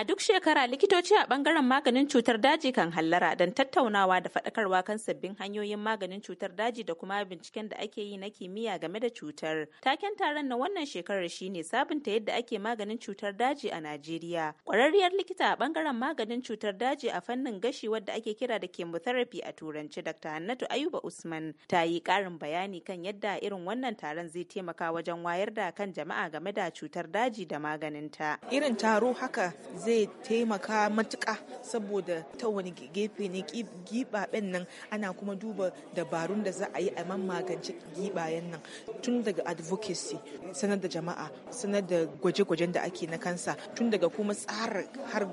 A duk shekara likitoci a bangaren maganin cutar daji kan hallara don tattaunawa da faɗakarwa kan sabbin hanyoyin maganin cutar daji da kuma binciken da ake yi na kimiyya game da cutar. Taken taron na wannan shekarar shine sabunta yadda ake maganin cutar daji a Najeriya. Ƙwararriyar likita a bangaren maganin cutar daji a fannin gashi wadda ake kira da chemotherapy a turanci Dr. Hannatu Ayuba Usman ta yi ƙarin bayani kan yadda irin wannan taron zai taimaka wajen wayar da kan jama'a game da cutar daji da maganinta. Irin taro haka zai taimaka matuka saboda ta wani gefe ne gibaben nan ana kuma duba dabarun da za a yi a magance giɓayen nan tun daga advocacy sanar da jama'a sanar da gwaje-gwajen da ake na kansa tun daga kuma tsara har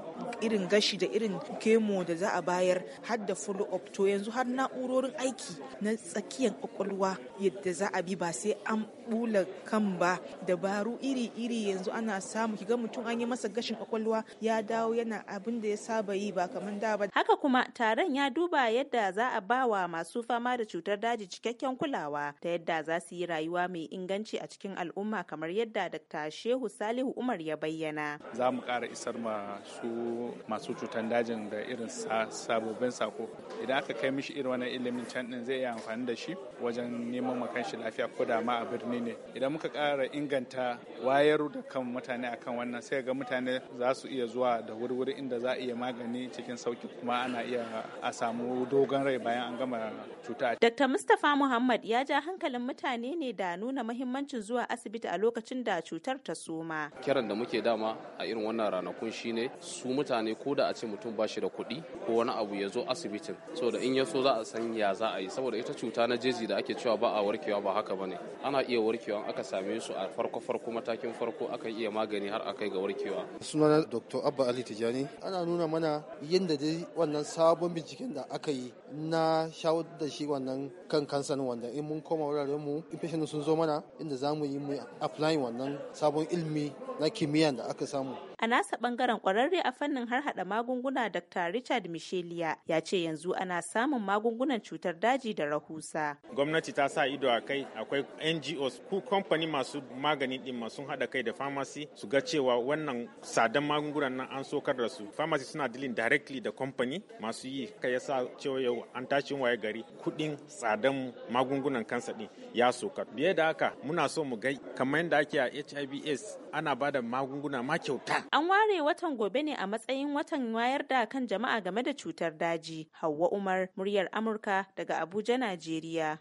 irin gashi da irin kemo da za a bayar har da follow up to yanzu har na'urorin aiki na tsakiyar kwakwalwa yadda za a bi ba sai an bula kan ba dabaru iri-iri yanzu ana samu ki ga mutum an yi masa gashin kwakwalwa ya dawo yana abin da ya saba yi ba kamar da ba. Haka kuma taron ya duba yadda za a ba wa masu fama da cutar daji cikakken kulawa ta yadda za su yi rayuwa mai inganci a cikin al'umma kamar yadda Dr. Shehu Salihu Umar ya bayyana. Za mu ƙara isar ma su masu cutar dajin da irin sababbin sako. Idan aka kai mishi irin wannan ilimin can din zai iya amfani da shi wajen neman ma kanshi lafiya ko da ma a birni ne. Idan muka ƙara inganta wayar da kan mutane akan wannan sai ga mutane za su iya zuwa da wurwuri inda za a iya magani cikin sauki kuma ana iya a samu dogon rai bayan an gama cuta. Dr. Mustapha Muhammad ya ja hankalin mutane ne da nuna mahimmancin zuwa asibiti a lokacin da cutar ta soma. Kiran da muke dama a irin wannan ranakun shine su mutane ko da a ce mutum ba shi da kuɗi ko wani abu ya zo asibitin saboda in ya so za a san ya za a yi saboda ita cuta na jeji da ake cewa ba a warkewa ba haka bane ana iya warkewa aka same su a farko farko matakin farko akan iya magani har akai ga warkewa. Sunana Dr. abba ali tijani ana nuna mana yadda dai wannan sabon binciken da aka yi na shawo da shi wannan kan kansan wanda in mun koma wuraren mu infection sun zo mana inda za mu yi mu applying wannan sabon ilmi na kimiyya da aka samu A nasa bangaren kwararre a fannin harhaɗa magunguna Dr. Richard Michelia ya ce yanzu ana samun magungunan cutar daji da rahusa. Gwamnati ta sa ido a kai akwai NGOs ku kamfani masu magani din masu hada kai da pharmacy su ga cewa wannan sadan magungunan nan an sokar da su. Pharmacy suna dilin directly da kamfani masu yi kai ya sa cewa yau an tashi waye gari kuɗin tsadan magungunan kansa din ya sokar. Biye da haka muna so mu ga kamar yadda ake a HIV ana ba da magunguna ma kyauta An ware watan gobe ne a matsayin watan wayar da kan jama'a game da cutar daji. Hauwa Umar, muryar Amurka daga Abuja, Najeriya.